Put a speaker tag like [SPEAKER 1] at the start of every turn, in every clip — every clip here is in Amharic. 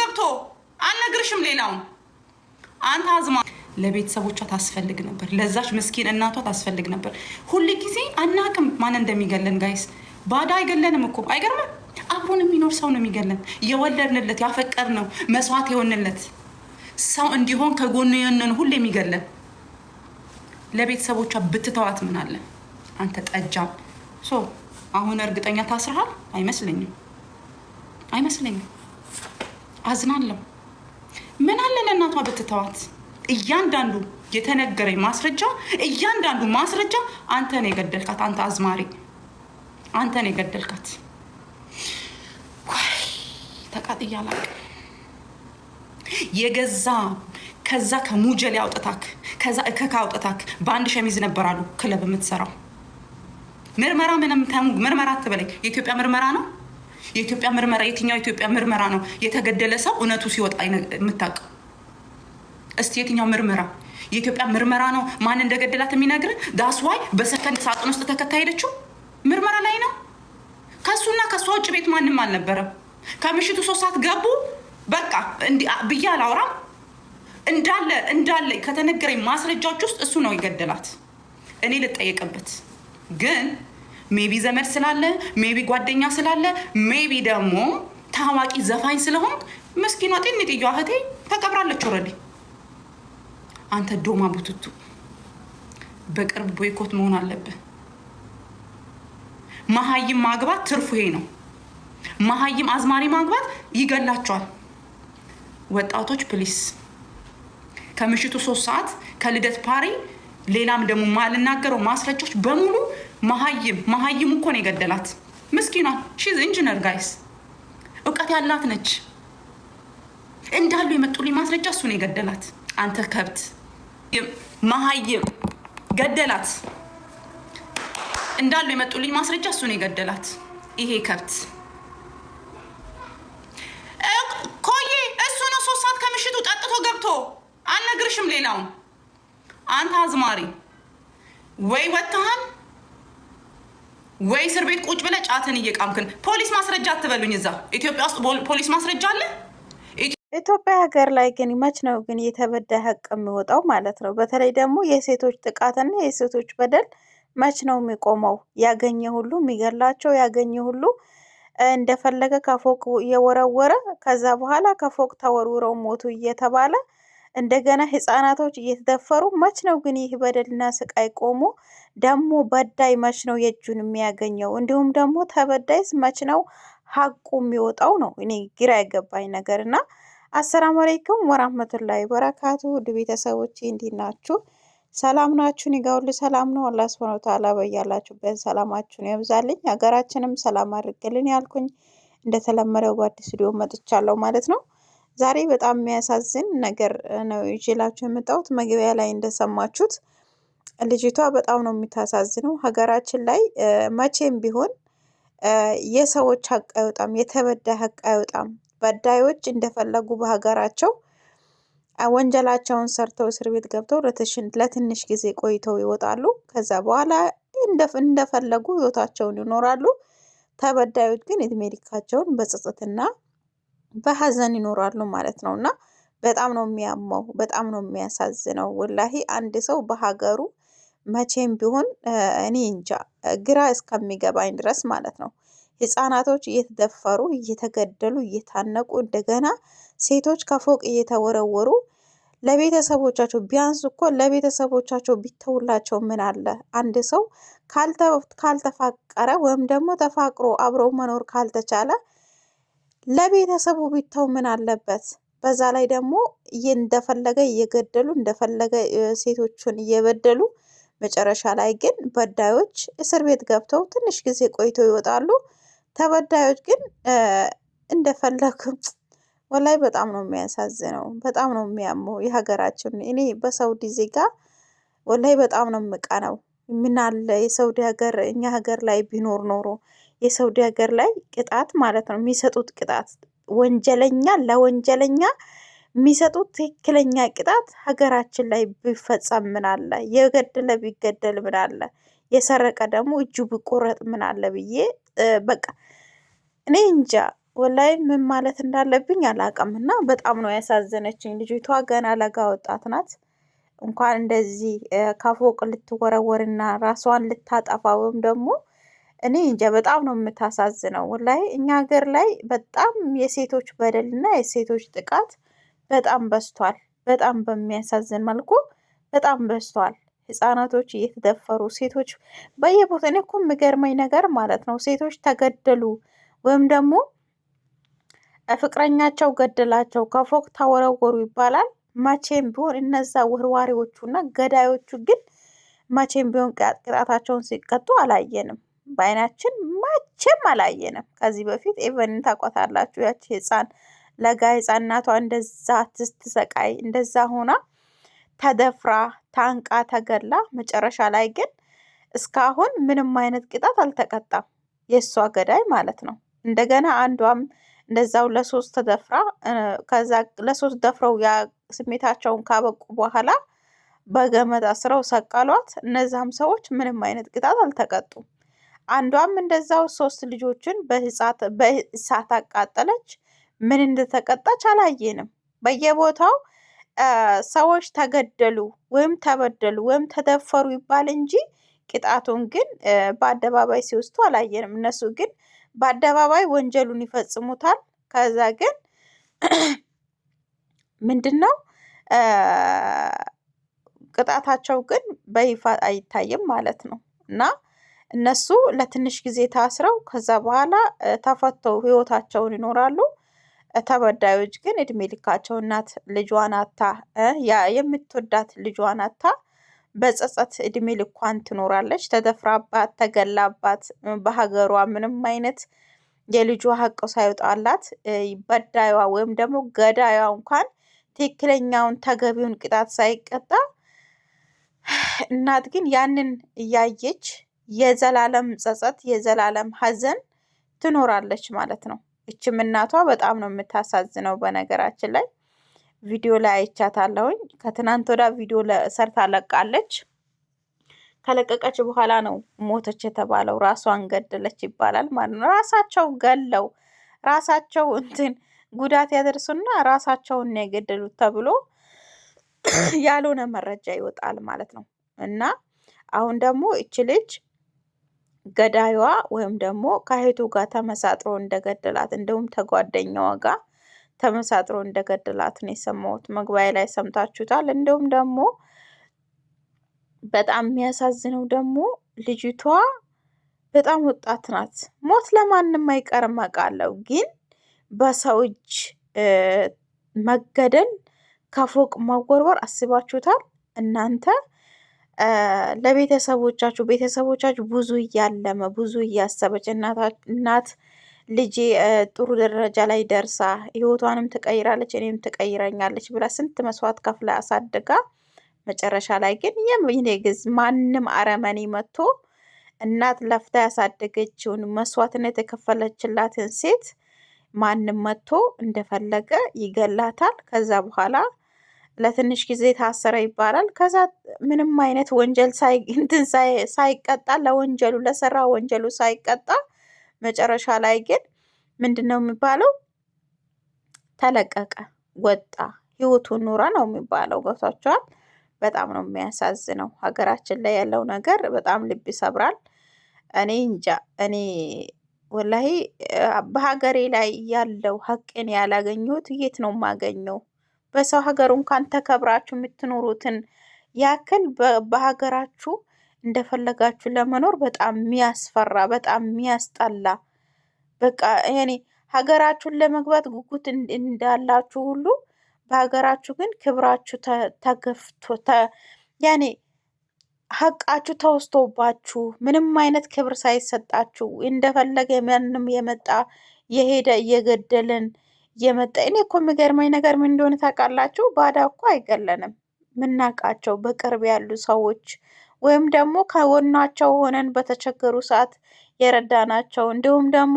[SPEAKER 1] ገብቶ አልነግርሽም። ሌላውን አንተ አዝማ ለቤተሰቦቿ ታስፈልግ ነበር፣ ለዛች ምስኪን እናቷ ታስፈልግ ነበር። ሁል ጊዜ አናቅም ማን እንደሚገለን ጋይስ። ባዳ አይገለንም እኮ አይገርምም። አብሮን የሚኖር ሰው ነው የሚገለን። የወለድንለት ያፈቀርነው መስዋዕት የሆንለት ሰው እንዲሆን ከጎኑ የሆንን ሁሌ የሚገለን ለቤተሰቦቿ ብትተዋት ምን አለ አንተ ጠጃም። ሶ አሁን እርግጠኛ ታስርሃል አይመስለኝም፣ አይመስለኝም አዝናለሁ። ምን አለ ለእናቷ ብትተዋት? እያንዳንዱ የተነገረኝ ማስረጃ እያንዳንዱ ማስረጃ አንተ ነው የገደልካት አንተ አዝማሪ፣ አንተ ነው የገደልካት ተቃጥያላ የገዛ ከዛ ከሙጀሌ አውጥታክ ከዛ እከካ አውጥታክ በአንድ ሸሚዝ ነበራሉ ክለብ የምትሰራው ምርመራ ምንም ምርመራ አትበለኝ። የኢትዮጵያ ምርመራ ነው የኢትዮጵያ ምርመራ የትኛው የኢትዮጵያ ምርመራ ነው የተገደለ ሰው እውነቱ ሲወጣ የምታውቅ? እስቲ የትኛው ምርመራ የኢትዮጵያ ምርመራ ነው ማን እንደገደላት የሚነግር? ዳስዋይ በሰከንድ ሳጥን ውስጥ ተከታሄደችው ምርመራ ላይ ነው። ከእሱና ከሷ ውጭ ቤት ማንም አልነበረም። ከምሽቱ ሶስት ሰዓት ገቡ። በቃ ብዬ አላውራም። እንዳለ እንዳለ ከተነገረኝ ማስረጃዎች ውስጥ እሱ ነው የገደላት። እኔ ልጠየቅበት ግን ሜቢ ዘመድ ስላለ፣ ሜቢ ጓደኛ ስላለ፣ ሜቢ ደግሞ ታዋቂ ዘፋኝ ስለሆንክ ምስኪኗ ጤንጥየዋ እህቴ ተቀብራለች ኦልሬዲ። አንተ ዶማ ቡትቱ በቅርብ ቦይኮት መሆን አለብህ። መሀይም ማግባት ትርፉ ይሄ ነው። መሀይም አዝማሪ ማግባት ይገላቸዋል። ወጣቶች ፕሊስ ከምሽቱ ሶስት ሰዓት ከልደት ፓሪ ሌላም ደግሞ ማልናገረው ማስረጃዎች በሙሉ መሀይም መሀይም እኮ ነው የገደላት። ምስኪና ሺዝ ኢንጂነር ጋይስ እውቀት ያላት ነች እንዳሉ የመጡልኝ ማስረጃ እሱ ነው የገደላት። አንተ ከብት መሀይም ገደላት እንዳሉ የመጡልኝ ማስረጃ እሱ ነው የገደላት። ይሄ ከብት ኮዬ እሱ ነው ሶስት ሰዓት ከምሽቱ ጠጥቶ ገብቶ አልነግርሽም። ሌላውን አንተ አዝማሪ ወይ ወጥተሃል ወይ እስር ቤት ቁጭ ብለህ ጫትን እየቃምክን ፖሊስ ማስረጃ አትበሉኝ። እዛ ኢትዮጵያ ውስጥ ፖሊስ ማስረጃ አለ።
[SPEAKER 2] ኢትዮጵያ ሀገር ላይ ግን መች ነው ግን የተበዳይ ሀቅ የሚወጣው ማለት ነው? በተለይ ደግሞ የሴቶች ጥቃትና የሴቶች በደል መች ነው የሚቆመው? ያገኘ ሁሉ የሚገላቸው፣ ያገኘ ሁሉ እንደፈለገ ከፎቅ እየወረወረ ከዛ በኋላ ከፎቅ ተወርውረው ሞቱ እየተባለ እንደገና ህፃናቶች እየተደፈሩ መች ነው ግን ይህ በደልና ስቃይ ቆሞ? ደግሞ በዳይ መች ነው የእጁን የሚያገኘው? እንዲሁም ደግሞ ተበዳይስ መች ነው ሀቁ የሚወጣው ነው እኔ ግራ የገባኝ ነገር እና አሰላሙ አለይኩም ወራህመቱላሂ ወበረካቱ ውድ ቤተሰቦቼ እንዴት ናችሁ? ሰላም ናችሁን? ይጋውል ሰላም ነው። አላህ ሱብሐነሁ ወተዓላ በያላችሁበት ሰላማችሁን ያብዛልኝ፣ ሀገራችንም ሰላም አድርግልን ያልኩኝ እንደተለመደው በአዲስ ቪዲዮ መጥቻለሁ ማለት ነው። ዛሬ በጣም የሚያሳዝን ነገር ነው ይዤላችሁ የመጣሁት። መግቢያ ላይ እንደሰማችሁት ልጅቷ በጣም ነው የምታሳዝነው። ሀገራችን ላይ መቼም ቢሆን የሰዎች ሀቅ አይወጣም፣ የተበዳይ ሀቅ አይወጣም። በዳዮች እንደፈለጉ በሀገራቸው ወንጀላቸውን ሰርተው እስር ቤት ገብተው ለትንሽ ጊዜ ቆይተው ይወጣሉ። ከዛ በኋላ እንደፈለጉ ህይወታቸውን ይኖራሉ። ተበዳዮች ግን እድሜ ልካቸውን በጸጸትና በሀዘን ይኖራሉ ማለት ነው። እና በጣም ነው የሚያመው፣ በጣም ነው የሚያሳዝነው። ወላሂ አንድ ሰው በሀገሩ መቼም ቢሆን እኔ እንጃ ግራ እስከሚገባኝ ድረስ ማለት ነው። ህፃናቶች እየተደፈሩ እየተገደሉ እየታነቁ እንደገና ሴቶች ከፎቅ እየተወረወሩ ለቤተሰቦቻቸው ቢያንስ እኮ ለቤተሰቦቻቸው ቢተውላቸው ምን አለ? አንድ ሰው ካልተፋቀረ ወይም ደግሞ ተፋቅሮ አብሮ መኖር ካልተቻለ ለቤተሰቡ ቢተው ምን አለበት? በዛ ላይ ደግሞ እንደፈለገ እየገደሉ እንደፈለገ ሴቶቹን እየበደሉ መጨረሻ ላይ ግን በዳዮች እስር ቤት ገብተው ትንሽ ጊዜ ቆይተው ይወጣሉ። ተበዳዮች ግን እንደፈለጉ ወላይ በጣም ነው የሚያሳዝነው። በጣም ነው የሚያመው የሀገራችን። እኔ በሳውዲ ዜጋ ወላይ በጣም ነው የምቀነው። ምናለ የሳውዲ ሀገር እኛ ሀገር ላይ ቢኖር ኖሮ የሳውዲ ሀገር ላይ ቅጣት ማለት ነው የሚሰጡት ቅጣት ወንጀለኛ ለወንጀለኛ የሚሰጡት ትክክለኛ ቅጣት ሀገራችን ላይ ቢፈጸም ምናለ፣ የገደለ ቢገደል ምናለ፣ የሰረቀ ደግሞ እጁ ቢቆረጥ ምናለ ብዬ በቃ እኔ እንጃ ወላይ ምን ማለት እንዳለብኝ አላውቅም። እና በጣም ነው ያሳዘነችኝ ልጅቷ። ገና ለጋ ወጣት ናት። እንኳን እንደዚህ ከፎቅ ልትወረወርና ራሷን ልታጠፋ ወይም ደግሞ እኔ እንጃ በጣም ነው የምታሳዝነው። ላይ እኛ ሀገር ላይ በጣም የሴቶች በደልና የሴቶች ጥቃት በጣም በስቷል በጣም በሚያሳዝን መልኩ በጣም በስቷል ህጻናቶች እየተደፈሩ ሴቶች በየቦታ እኔ እኮ የሚገርመኝ ነገር ማለት ነው ሴቶች ተገደሉ ወይም ደግሞ ፍቅረኛቸው ገደላቸው ከፎቅ ተወረወሩ ይባላል። መቼም ቢሆን እነዛ ወርዋሪዎቹ እና ገዳዮቹ ግን መቼም ቢሆን ቅጣታቸውን ሲቀጡ አላየንም። በአይናችን መቼም አላየንም ከዚህ በፊት። ኤቨን ታቋታላችሁ ያቺ ህፃን ለጋ ህፃናቷ እንደዛ ትስትሰቃይ እንደዛ ሆና ተደፍራ ታንቃ ተገላ፣ መጨረሻ ላይ ግን እስካሁን ምንም አይነት ቅጣት አልተቀጣም። የእሷ ገዳይ ማለት ነው። እንደገና አንዷም እንደዛው ለሶስት ተደፍራ ከዛ ለሶስት ደፍረው ያ ስሜታቸውን ካበቁ በኋላ በገመድ አስረው ሰቀሏት። እነዛም ሰዎች ምንም አይነት ቅጣት አልተቀጡም። አንዷም እንደዛው ሶስት ልጆችን በእሳት አቃጠለች። ምን እንደተቀጣች አላየንም። በየቦታው ሰዎች ተገደሉ ወይም ተበደሉ ወይም ተደፈሩ ይባል እንጂ ቅጣቱን ግን በአደባባይ ሲወስቱ አላየንም። እነሱ ግን በአደባባይ ወንጀሉን ይፈጽሙታል። ከዛ ግን ምንድን ነው ቅጣታቸው ግን በይፋ አይታይም ማለት ነው እና እነሱ ለትንሽ ጊዜ ታስረው ከዛ በኋላ ተፈተው ህይወታቸውን ይኖራሉ። ተበዳዮች ግን እድሜ ልካቸው እናት ልጇን አታ የምትወዳት ልጇን አታ በጸጸት እድሜ ልኳን ትኖራለች። ተደፍራባት፣ ተገላባት በሀገሯ ምንም አይነት የልጇ ሀቅ ሳይወጣላት በዳዩዋ ወይም ደግሞ ገዳዩዋ እንኳን ትክክለኛውን ተገቢውን ቅጣት ሳይቀጣ እናት ግን ያንን እያየች የዘላለም ጸጸት፣ የዘላለም ሐዘን ትኖራለች ማለት ነው። እችም እናቷ በጣም ነው የምታሳዝነው። በነገራችን ላይ ቪዲዮ ላይ አይቻታለሁኝ። ከትናንት ወዳ ቪዲዮ ሰርታ ለቃለች። ከለቀቀች በኋላ ነው ሞተች የተባለው። ራሷን ገደለች ይባላል ማለት ነው። ራሳቸው ገለው ራሳቸው እንትን ጉዳት ያደርሱና ራሳቸውን የገደሉት ተብሎ ያልሆነ መረጃ ይወጣል ማለት ነው እና አሁን ደግሞ እች ልጅ ገዳይዋ ወይም ደግሞ ከእህቱ ጋር ተመሳጥሮ እንደገደላት እንደውም ተጓደኛዋ ጋር ተመሳጥሮ እንደገደላት ነው የሰማሁት። መግቢያ ላይ ሰምታችሁታል። እንዲሁም ደግሞ በጣም የሚያሳዝነው ደግሞ ልጅቷ በጣም ወጣት ናት። ሞት ለማንም አይቀርም አውቃለሁ፣ ግን በሰው እጅ መገደል፣ ከፎቅ መወርወር አስባችሁታል እናንተ? ለቤተሰቦቻችሁ ቤተሰቦቻችሁ ብዙ እያለመ ብዙ እያሰበች እናት ልጄ ጥሩ ደረጃ ላይ ደርሳ ህይወቷንም ትቀይራለች እኔም ትቀይረኛለች ብላ ስንት መስዋዕት ከፍላ አሳድጋ መጨረሻ ላይ ግን ግዝ ማንም አረመኔ መጥቶ እናት ለፍታ ያሳደገችውን መስዋዕትነት የከፈለችላትን ሴት ማንም መጥቶ እንደፈለገ ይገላታል። ከዛ በኋላ ለትንሽ ጊዜ ታሰረ ይባላል። ከዛ ምንም አይነት ወንጀል እንትን ሳይቀጣ ለወንጀሉ ለሰራ ወንጀሉ ሳይቀጣ መጨረሻ ላይ ግን ምንድን ነው የሚባለው? ተለቀቀ፣ ወጣ፣ ህይወቱን ኑራ ነው የሚባለው። ገብቷቸዋል። በጣም ነው የሚያሳዝነው። ሀገራችን ላይ ያለው ነገር በጣም ልብ ይሰብራል። እኔ እንጃ እኔ ወላሂ በሀገሬ ላይ ያለው ሀቅን ያላገኘሁት የት ነው የማገኘው? በሰው ሀገር እንኳን ተከብራችሁ የምትኖሩትን ያክል በሀገራችሁ እንደፈለጋችሁ ለመኖር በጣም የሚያስፈራ በጣም የሚያስጠላ በቃ እኔ ሀገራችሁን ለመግባት ጉጉት እንዳላችሁ ሁሉ በሀገራችሁ ግን ክብራችሁ ተገፍቶ ያኔ ሀቃችሁ ተወስቶባችሁ ምንም አይነት ክብር ሳይሰጣችሁ እንደፈለገ ማንም የመጣ የሄደ እየገደልን የመጣ እኔ እኮ የሚገርመኝ ነገር ምን እንደሆነ ታውቃላችሁ? ባዳ እኮ አይገለንም። ምናቃቸው በቅርብ ያሉ ሰዎች ወይም ደግሞ ከጎናቸው ሆነን በተቸገሩ ሰዓት የረዳናቸው እንዲሁም ደግሞ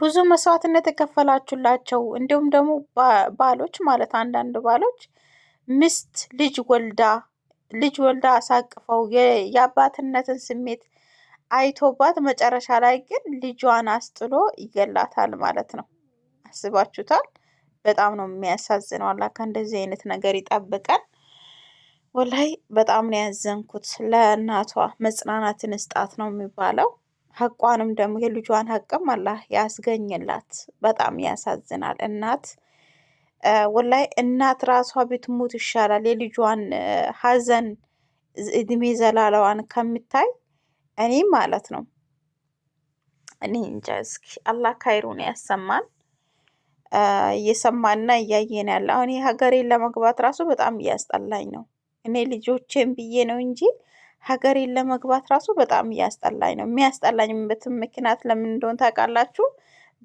[SPEAKER 2] ብዙ መስዋዕትነት የከፈላችሁላቸው እንዲሁም ደግሞ ባሎች ማለት አንዳንድ ባሎች ሚስት ልጅ ወልዳ ልጅ ወልዳ አሳቅፈው የአባትነትን ስሜት አይቶባት መጨረሻ ላይ ግን ልጇን አስጥሎ ይገላታል ማለት ነው። አስባችሁታል? በጣም ነው የሚያሳዝነው። አላህ ከእንደዚህ አይነት ነገር ይጠብቀን። ወላይ በጣም ነው ያዘንኩት። ለእናቷ መጽናናትን እስጣት ነው የሚባለው። ሀቋንም ደግሞ የልጇን ሀቅም አላህ ያስገኝላት። በጣም ያሳዝናል። እናት ወላይ እናት ራሷ ብትሞት ይሻላል የልጇን ሀዘን እድሜ ዘላለዋን ከምታይ እኔም ማለት ነው። እኔ እንጃ እስኪ አላህ ካይሩን ያሰማን። እየሰማና እያየን ያለ አሁን ሀገሬን ለመግባት ራሱ በጣም እያስጠላኝ ነው። እኔ ልጆቼን ብዬ ነው እንጂ ሀገሬን ለመግባት ራሱ በጣም እያስጠላኝ ነው። የሚያስጠላኝበትን ምክንያት ለምን እንደሆን ታውቃላችሁ?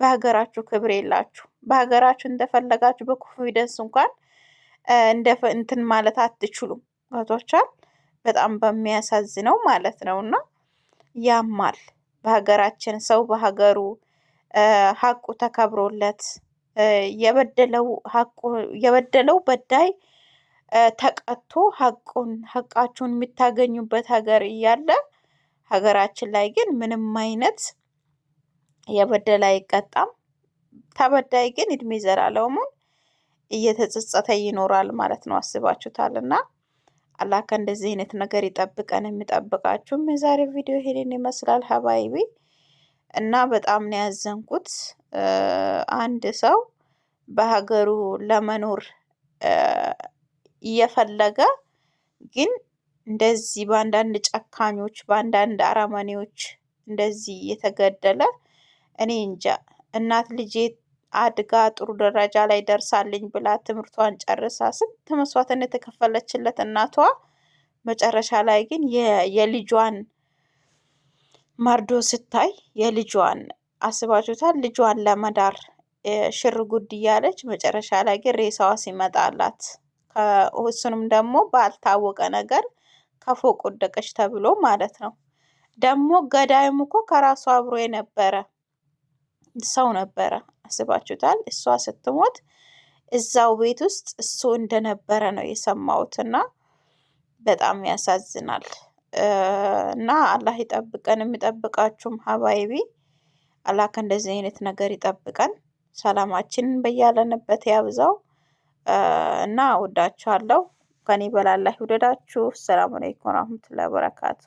[SPEAKER 2] በሀገራችሁ ክብር የላችሁ። በሀገራችሁ እንደፈለጋችሁ ደንስ እንኳን እንትን ማለት አትችሉም። ገብቷችኋል? በጣም በሚያሳዝነው ማለት ነው እና ያማል። በሀገራችን ሰው በሀገሩ ሀቁ ተከብሮለት የበደለው በዳይ ተቀጥቶ ሀቁን ሀቃችሁን የምታገኙበት ሀገር እያለ ሀገራችን ላይ ግን ምንም አይነት የበደለ አይቀጣም። ተበዳይ ግን እድሜ ዘላለሙን እየተጸጸተ ይኖራል ማለት ነው። አስባችሁታልና። አላህ ከእንደዚህ አይነት ነገር ይጠብቀን። የሚጠብቃችሁም የዛሬ ቪዲዮ ይሄንን ይመስላል ሀባይቢ እና በጣም ነው ያዘንኩት። አንድ ሰው በሀገሩ ለመኖር እየፈለገ ግን እንደዚህ በአንዳንድ ጨካኞች በአንዳንድ አረመኔዎች እንደዚህ እየተገደለ እኔ እንጃ እናት ልጄ አድጋ ጥሩ ደረጃ ላይ ደርሳልኝ ብላ ትምህርቷን ጨርሳ ስንት መስዋዕትነት የተከፈለችለት እናቷ መጨረሻ ላይ ግን የልጇን መርዶ ስታይ የልጇን አስባችሁታል? ልጇን ለመዳር ሽር ጉድ እያለች መጨረሻ ላይ ግን ሬሳዋ ሲመጣላት እሱንም ደግሞ ባልታወቀ ነገር ከፎቅ ወደቀች ተብሎ ማለት ነው። ደግሞ ገዳይም እኮ ከራሱ አብሮ የነበረ ሰው ነበረ። አስባችሁታል? እሷ ስትሞት እዛው ቤት ውስጥ እሱ እንደነበረ ነው እና በጣም ያሳዝናል። እና አላህ ይጠብቀን፣ የሚጠብቃችሁም ሀባይቢ አላህ ከእንደዚህ አይነት ነገር ይጠብቀን፣ ሰላማችን በያለንበት ያብዛው እና ወዳችኋለሁ። ከኔ በላይ ይውደዳችሁ። ሰላም አለይኩም ወራህመቱላሂ ወበረካቱ።